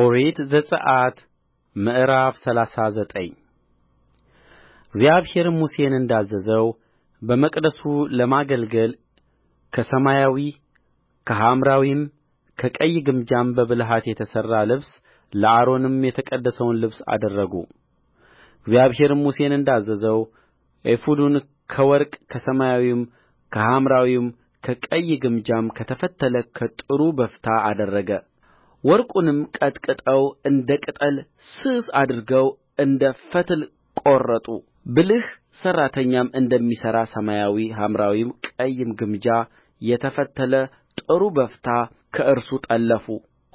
ኦሪት ዘጽአት ምዕራፍ ሰላሳ ዘጠኝ እግዚአብሔርም ሙሴን እንዳዘዘው በመቅደሱ ለማገልገል ከሰማያዊ ከሐምራዊም ከቀይ ግምጃም በብልሃት የተሠራ ልብስ ለአሮንም የተቀደሰውን ልብስ አደረጉ። እግዚአብሔርም ሙሴን እንዳዘዘው ኤፉዱን ከወርቅ ከሰማያዊም ከሐምራዊም ከቀይ ግምጃም ከተፈተለ ከጥሩ በፍታ አደረገ። ወርቁንም ቀጥቅጠው እንደ ቅጠል ስስ አድርገው እንደ ፈትል ቈረጡ ብልህ ሠራተኛም እንደሚሠራ ሰማያዊ ሐምራዊም ቀይም ግምጃ የተፈተለ ጥሩ በፍታ ከእርሱ ጠለፉ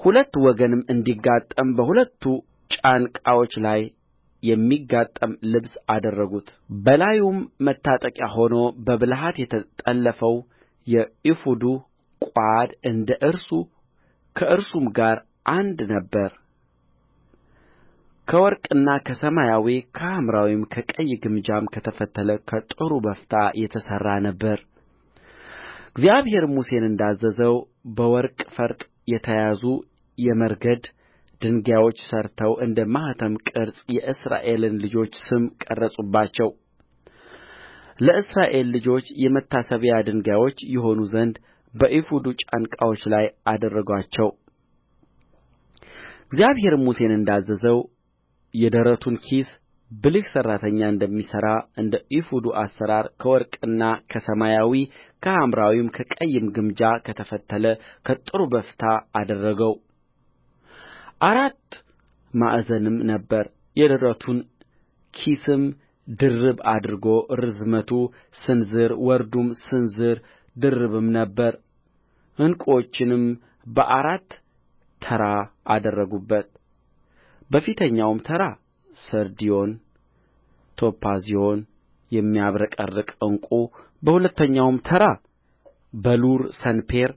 ሁለት ወገንም እንዲጋጠም በሁለቱ ጫንቃዎች ላይ የሚጋጠም ልብስ አደረጉት በላዩም መታጠቂያ ሆኖ በብልሃት የተጠለፈው የኤፉዱ ቋድ እንደ እርሱ ከእርሱም ጋር አንድ ነበረ ከወርቅና ከሰማያዊ ከሐምራዊም ከቀይ ግምጃም ከተፈተለ ከጥሩ በፍታ የተሠራ ነበረ እግዚአብሔርም ሙሴን እንዳዘዘው በወርቅ ፈርጥ የተያዙ የመረግድ ድንጋዮች ሠርተው እንደ ማኅተም ቅርጽ የእስራኤልን ልጆች ስም ቀረጹባቸው ለእስራኤል ልጆች የመታሰቢያ ድንጋዮች ይሆኑ ዘንድ በኤፉዱ ጫንቃዎች ላይ አደረጋቸው እግዚአብሔርም ሙሴን እንዳዘዘው የደረቱን ኪስ ብልህ ሠራተኛ እንደሚሠራ እንደ ኤፉዱ አሠራር ከወርቅና ከሰማያዊ ከሐምራዊም ከቀይም ግምጃ ከተፈተለ ከጥሩ በፍታ አደረገው አራት ማዕዘንም ነበረ የደረቱን ኪስም ድርብ አድርጎ ርዝመቱ ስንዝር ወርዱም ስንዝር ድርብም ነበረ ዕንቍዎቹንም በአራት ተራ አደረጉበት በፊተኛውም ተራ ሰርድዮን ቶጳዝዮን የሚያብረቀርቅ ዕንቍ በሁለተኛውም ተራ በሉር ሰንፔር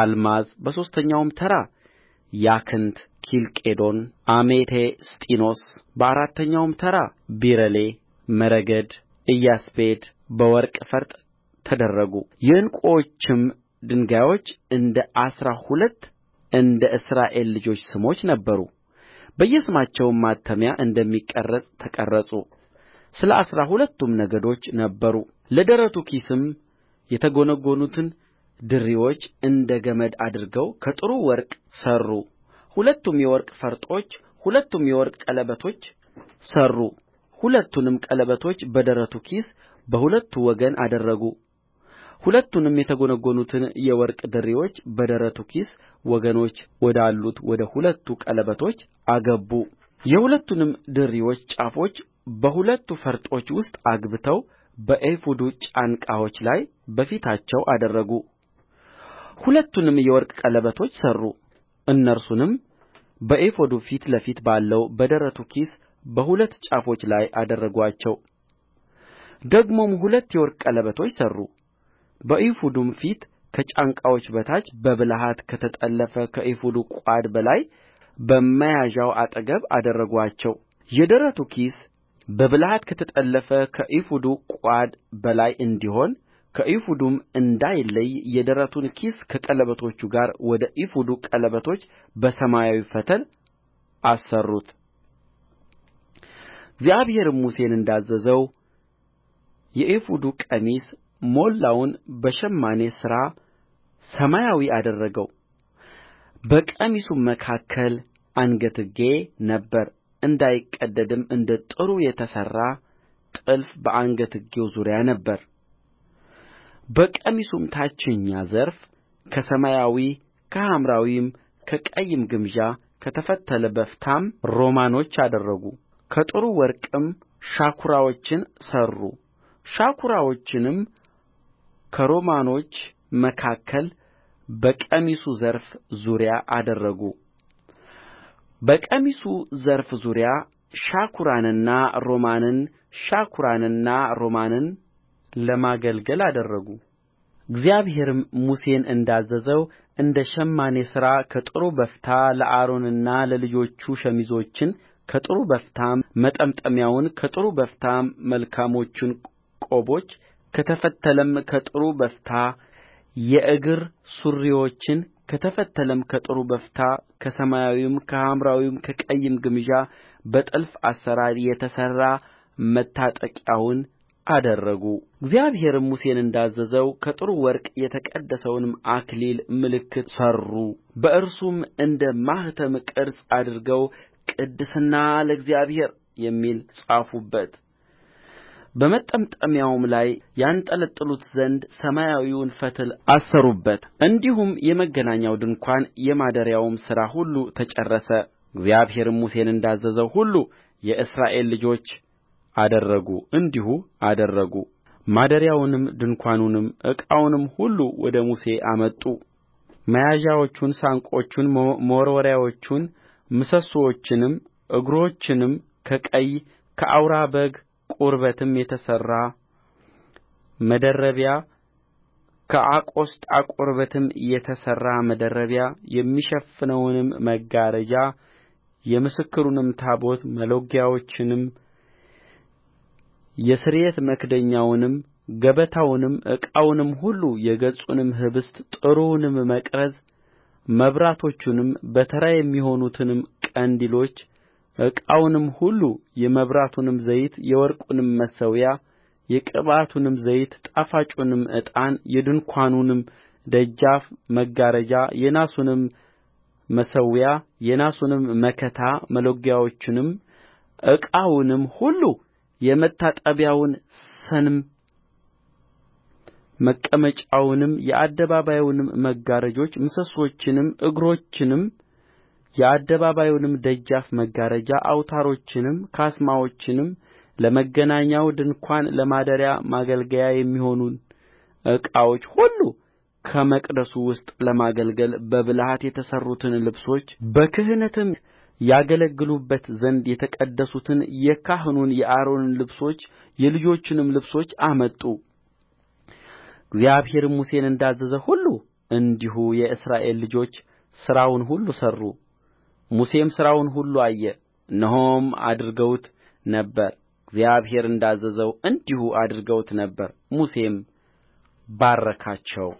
አልማዝ በሦስተኛውም ተራ ያክንት ኬልቄዶን አሜቴስጢኖስ በአራተኛውም ተራ ቢረሌ መረግድ ኢያስጲድ በወርቅ ፈርጥ ተደረጉ የዕንቈቹም ድንጋዮች እንደ አሥራ ሁለት እንደ እስራኤል ልጆች ስሞች ነበሩ በየስማቸውም ማተሚያ እንደሚቀረጽ ተቀረጹ ስለ አሥራ ሁለቱም ነገዶች ነበሩ ለደረቱ ኪስም የተጐነጐኑትን ድሪዎች እንደ ገመድ አድርገው ከጥሩ ወርቅ ሠሩ ሁለቱም የወርቅ ፈርጦች ሁለቱም የወርቅ ቀለበቶች ሠሩ ሁለቱንም ቀለበቶች በደረቱ ኪስ በሁለቱ ወገን አደረጉ ሁለቱንም የተጐነጐኑትን የወርቅ ድሪዎች በደረቱ ኪስ ወገኖች ወዳሉት ወደ ሁለቱ ቀለበቶች አገቡ የሁለቱንም ድሪዎች ጫፎች በሁለቱ ፈርጦች ውስጥ አግብተው በኤፉዱ ጫንቃዎች ላይ በፊታቸው አደረጉ ሁለቱንም የወርቅ ቀለበቶች ሠሩ እነርሱንም በኤፉዱ ፊት ለፊት ባለው በደረቱ ኪስ በሁለት ጫፎች ላይ አደረጉአቸው ደግሞም ሁለት የወርቅ ቀለበቶች ሠሩ በኤፉዱም ፊት ከጫንቃዎች በታች በብልሃት ከተጠለፈ ከኤፉዱ ቋድ በላይ በመያዣው አጠገብ አደረጉአቸው የደረቱ ኪስ በብልሃት ከተጠለፈ ከኤፉዱ ቋድ በላይ እንዲሆን ከኤፉዱም እንዳይለይ የደረቱን ኪስ ከቀለበቶቹ ጋር ወደ ኤፉዱ ቀለበቶች በሰማያዊ ፈትል አሰሩት እግዚአብሔርም ሙሴን እንዳዘዘው የኤፉዱ ቀሚስ ሞላውን በሸማኔ ሥራ ሰማያዊ አደረገው በቀሚሱም መካከል አንገትጌ ነበረ እንዳይቀደድም እንደ ጥሩ የተሠራ ጥልፍ በአንገትጌው ዙሪያ ነበረ በቀሚሱም ታችኛ ዘርፍ ከሰማያዊ ከሐምራዊም ከቀይም ግምጃ ከተፈተለ በፍታም ሮማኖች አደረጉ ከጥሩ ወርቅም ሻኵራዎችን ሠሩ ሻኵራዎቹንም ከሮማኖች መካከል በቀሚሱ ዘርፍ ዙሪያ አደረጉ በቀሚሱ ዘርፍ ዙሪያ ሻኵራንና ሮማንን ሻኵራንና ሮማንን ለማገልገል አደረጉ እግዚአብሔርም ሙሴን እንዳዘዘው እንደ ሸማኔ ሥራ ከጥሩ በፍታ ለአሮንና ለልጆቹ ሸሚዞችን ከጥሩ በፍታም መጠምጠሚያውን ከጥሩ በፍታም መልካሞቹን ቆቦች ከተፈተለም ከጥሩ በፍታ የእግር ሱሪዎችን ከተፈተለም ከጥሩ በፍታ ከሰማያዊም ከሐምራዊም ከቀይም ግምጃ በጥልፍ አሠራር የተሠራ መታጠቂያውን አደረጉ እግዚአብሔርም ሙሴን እንዳዘዘው ከጥሩ ወርቅ የተቀደሰውን አክሊል ምልክት ሠሩ በእርሱም እንደ ማኅተም ቅርጽ አድርገው ቅድስና ለእግዚአብሔር የሚል ጻፉበት በመጠምጠሚያውም ላይ ያንጠለጥሉት ዘንድ ሰማያዊውን ፈትል አሰሩበት እንዲሁም የመገናኛው ድንኳን የማደሪያውም ሥራ ሁሉ ተጨረሰ እግዚአብሔርም ሙሴን እንዳዘዘው ሁሉ የእስራኤል ልጆች አደረጉ እንዲሁ አደረጉ ማደሪያውንም ድንኳኑንም ዕቃውንም ሁሉ ወደ ሙሴ አመጡ መያዣዎቹን ሳንቆቹን መወርወሪያዎቹን ምሰሶቹንም እግሮቹንም ከቀይ ከአውራ በግ ቁርበትም የተሠራ መደረቢያ ከአቆስጣ ቁርበትም የተሠራ መደረቢያ የሚሸፍነውንም መጋረጃ የምስክሩንም ታቦት መሎጊያዎቹንም የስርየት መክደኛውንም ገበታውንም ዕቃውንም ሁሉ የገጹንም ኅብስት ጥሩውንም መቅረዝ መብራቶቹንም በተራ የሚሆኑትንም ቀንዲሎች ዕቃውንም ሁሉ የመብራቱንም ዘይት የወርቁንም መሠዊያ የቅብዓቱንም ዘይት ጣፋጩንም ዕጣን የድንኳኑንም ደጃፍ መጋረጃ የናሱንም መሠዊያ የናሱንም መከታ መሎጊያዎቹንም ዕቃውንም ሁሉ የመታጠቢያውን ሰንም መቀመጫውንም የአደባባዩንም መጋረጆች ምሰሶቹንም እግሮቹንም የአደባባዩንም ደጃፍ መጋረጃ አውታሮቹንም ካስማዎቹንም ለመገናኛው ድንኳን ለማደሪያ ማገልገያ የሚሆኑን ዕቃዎች ሁሉ ከመቅደሱ ውስጥ ለማገልገል በብልሃት የተሠሩትን ልብሶች በክህነትም ያገለግሉበት ዘንድ የተቀደሱትን የካህኑን የአሮንን ልብሶች የልጆቹንም ልብሶች አመጡ እግዚአብሔርም ሙሴን እንዳዘዘ ሁሉ እንዲሁ የእስራኤል ልጆች ሥራውን ሁሉ ሠሩ ሙሴም ሥራውን ሁሉ አየ እነሆም አድርገውት ነበር እግዚአብሔር እንዳዘዘው እንዲሁ አድርገውት ነበር ሙሴም ባረካቸው